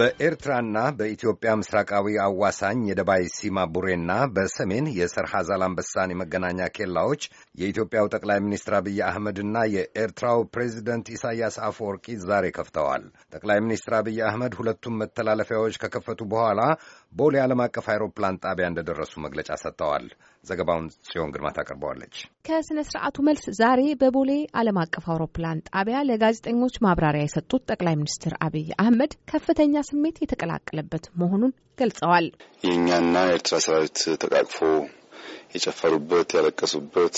በኤርትራና በኢትዮጵያ ምስራቃዊ አዋሳኝ የደባይ ሲማ ቡሬና በሰሜን የሰርሐ ዛላምበሳን የመገናኛ ኬላዎች የኢትዮጵያው ጠቅላይ ሚኒስትር አብይ አህመድና የኤርትራው ፕሬዚደንት ኢሳያስ አፈወርቂ ዛሬ ከፍተዋል። ጠቅላይ ሚኒስትር አብይ አህመድ ሁለቱም መተላለፊያዎች ከከፈቱ በኋላ ቦሌ ዓለም አቀፍ አይሮፕላን ጣቢያ እንደደረሱ መግለጫ ሰጥተዋል። ዘገባውን ጽዮን ግርማ ታቀርበዋለች። ከስነ ስርዓቱ መልስ ዛሬ በቦሌ ዓለም አቀፍ አውሮፕላን ጣቢያ ለጋዜጠኞች ማብራሪያ የሰጡት ጠቅላይ ሚኒስትር አብይ አህመድ ከፍተኛ ስሜት የተቀላቀለበት መሆኑን ገልጸዋል። የእኛና የኤርትራ ሰራዊት ተቃቅፎ የጨፈሩበት፣ ያለቀሱበት፣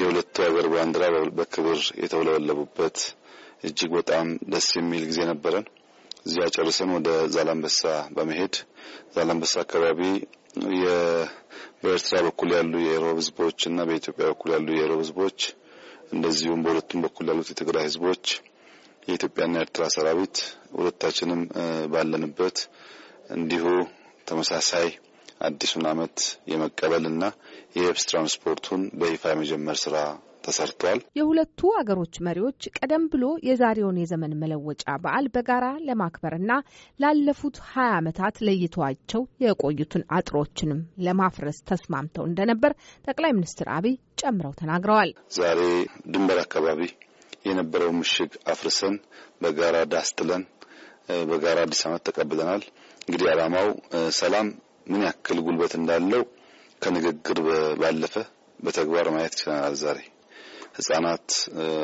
የሁለቱ ሀገር ባንዲራ በክብር የተውለበለቡበት እጅግ በጣም ደስ የሚል ጊዜ ነበረን። እዚያ ጨርሰን ወደ ዛላንበሳ በመሄድ ዛላንበሳ አካባቢ በኤርትራ በኩል ያሉ የኢሮብ ህዝቦች እና በኢትዮጵያ በኩል ያሉ የኢሮብ ህዝቦች እንደዚሁም በሁለቱም በኩል ያሉት የትግራይ ህዝቦች የኢትዮጵያና የኤርትራ ሰራዊት ሁለታችንም ባለንበት እንዲሁ ተመሳሳይ አዲሱን የመቀበል የመቀበልና የየብስ ትራንስፖርቱን በይፋ የመጀመር ስራ ተሰርቷል። የሁለቱ አገሮች መሪዎች ቀደም ብሎ የዛሬውን የዘመን መለወጫ በዓል በጋራ ለማክበርና ላለፉት ሀያ ዓመታት ለይተዋቸው የቆዩትን አጥሮችንም ለማፍረስ ተስማምተው እንደነበር ጠቅላይ ሚኒስትር አብይ ጨምረው ተናግረዋል። ዛሬ ድንበር አካባቢ የነበረው ምሽግ አፍርሰን በጋራ ዳስ ጥለን በጋራ አዲስ ዓመት ተቀብለናል። እንግዲህ ዓላማው ሰላም ምን ያክል ጉልበት እንዳለው ከንግግር ባለፈ በተግባር ማየት ችለናል ዛሬ ህጻናት፣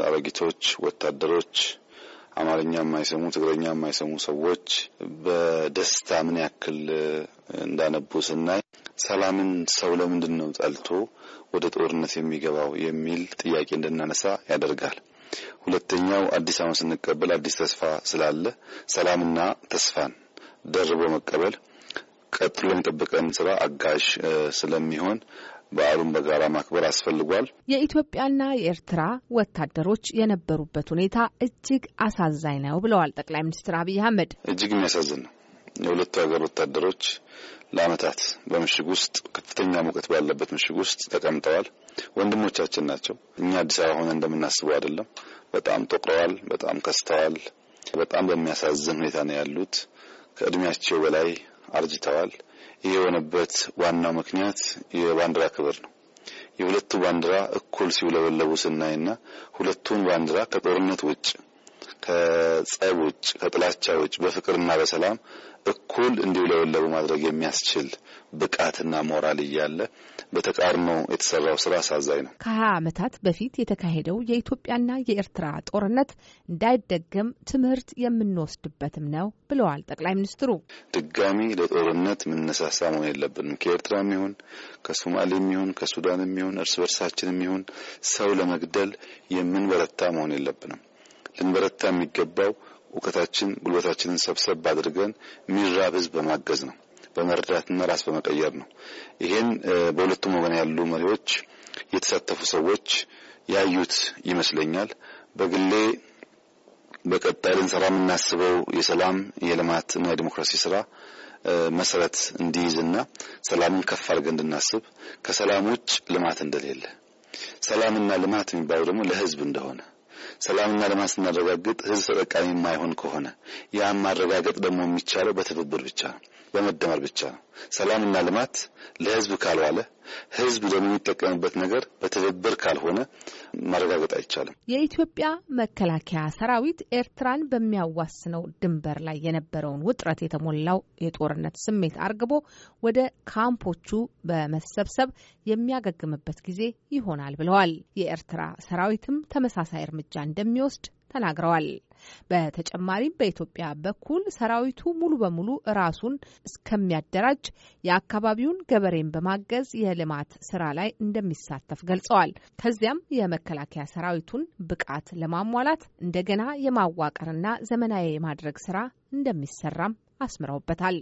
አሮጊቶች፣ ወታደሮች፣ አማርኛ የማይሰሙ ትግረኛ የማይሰሙ ሰዎች በደስታ ምን ያክል እንዳነቡ ስናይ ሰላምን ሰው ለምንድን ነው ጠልቶ ወደ ጦርነት የሚገባው የሚል ጥያቄ እንድናነሳ ያደርጋል። ሁለተኛው አዲስ አመት ስንቀበል አዲስ ተስፋ ስላለ ሰላምና ተስፋን ደርቦ መቀበል ቀጥሎ የሚጠብቀን ስራ አጋዥ ስለሚሆን በዓሉን በጋራ ማክበር አስፈልጓል። የኢትዮጵያና የኤርትራ ወታደሮች የነበሩበት ሁኔታ እጅግ አሳዛኝ ነው ብለዋል ጠቅላይ ሚኒስትር አብይ አህመድ። እጅግ የሚያሳዝን ነው። የሁለቱ ሀገር ወታደሮች ለአመታት በምሽግ ውስጥ ከፍተኛ ሙቀት ባለበት ምሽግ ውስጥ ተቀምጠዋል። ወንድሞቻችን ናቸው። እኛ አዲስ አበባ ሆነ እንደምናስበው አይደለም። በጣም ጦቅረዋል። በጣም ከስተዋል። በጣም በሚያሳዝን ሁኔታ ነው ያሉት ከእድሜያቸው በላይ አርጅተዋል። ይህ የሆነበት ዋናው ምክንያት የባንዲራ ክብር ነው። የሁለቱ ባንዲራ እኩል ሲውለበለቡ ስናይና ሁለቱን ባንዲራ ከጦርነት ውጭ ከጸብ ውጭ ከጥላቻ ውጭ በፍቅርና በሰላም እኩል እንዲውለበለቡ ማድረግ የሚያስችል ብቃትና ሞራል እያለ በተቃርኖ የተሰራው ስራ አሳዛኝ ነው። ከሀያ ዓመታት በፊት የተካሄደው የኢትዮጵያና የኤርትራ ጦርነት እንዳይደገም ትምህርት የምንወስድበትም ነው ብለዋል ጠቅላይ ሚኒስትሩ። ድጋሚ ለጦርነት ምንነሳሳ መሆን የለብንም። ከኤርትራም ይሁን ከሶማሌም ይሁን ከሱዳንም ይሁን እርስ በርሳችንም ይሁን ሰው ለመግደል የምንበረታ መሆን የለብንም። ልንበረታ የሚገባው እውቀታችን ጉልበታችንን ሰብሰብ አድርገን የሚራብ ህዝብ በማገዝ ነው፣ በመርዳትና ራስ በመቀየር ነው። ይሄን በሁለቱም ወገን ያሉ መሪዎች፣ የተሳተፉ ሰዎች ያዩት ይመስለኛል። በግሌ በቀጣይ ልንሰራ የምናስበው የሰላም የልማትና የዲሞክራሲ ስራ መሰረት እንዲይዝና ሰላምን ከፍ አድርገን እንድናስብ ከሰላም ውጭ ልማት እንደሌለ ሰላምና ልማት የሚባለው ደግሞ ለህዝብ እንደሆነ ሰላምና ልማት ስናረጋግጥ ህዝብ ተጠቃሚ የማይሆን ከሆነ ያም ማረጋገጥ ደግሞ የሚቻለው በትብብር ብቻ ነው፣ በመደመር ብቻ ነው። ሰላምና ልማት ለህዝብ ካልዋለ ህዝብ ደግሞ የሚጠቀምበት ነገር በትብብር ካልሆነ ማረጋገጥ አይቻልም። የኢትዮጵያ መከላከያ ሰራዊት ኤርትራን በሚያዋስነው ድንበር ላይ የነበረውን ውጥረት የተሞላው የጦርነት ስሜት አርግቦ ወደ ካምፖቹ በመሰብሰብ የሚያገግምበት ጊዜ ይሆናል ብለዋል። የኤርትራ ሰራዊትም ተመሳሳይ እርምጃ እርምጃ እንደሚወስድ ተናግረዋል። በተጨማሪም በኢትዮጵያ በኩል ሰራዊቱ ሙሉ በሙሉ ራሱን እስከሚያደራጅ የአካባቢውን ገበሬን በማገዝ የልማት ስራ ላይ እንደሚሳተፍ ገልጸዋል። ከዚያም የመከላከያ ሰራዊቱን ብቃት ለማሟላት እንደገና የማዋቀርና ዘመናዊ የማድረግ ስራ እንደሚሰራም አስምረውበታል።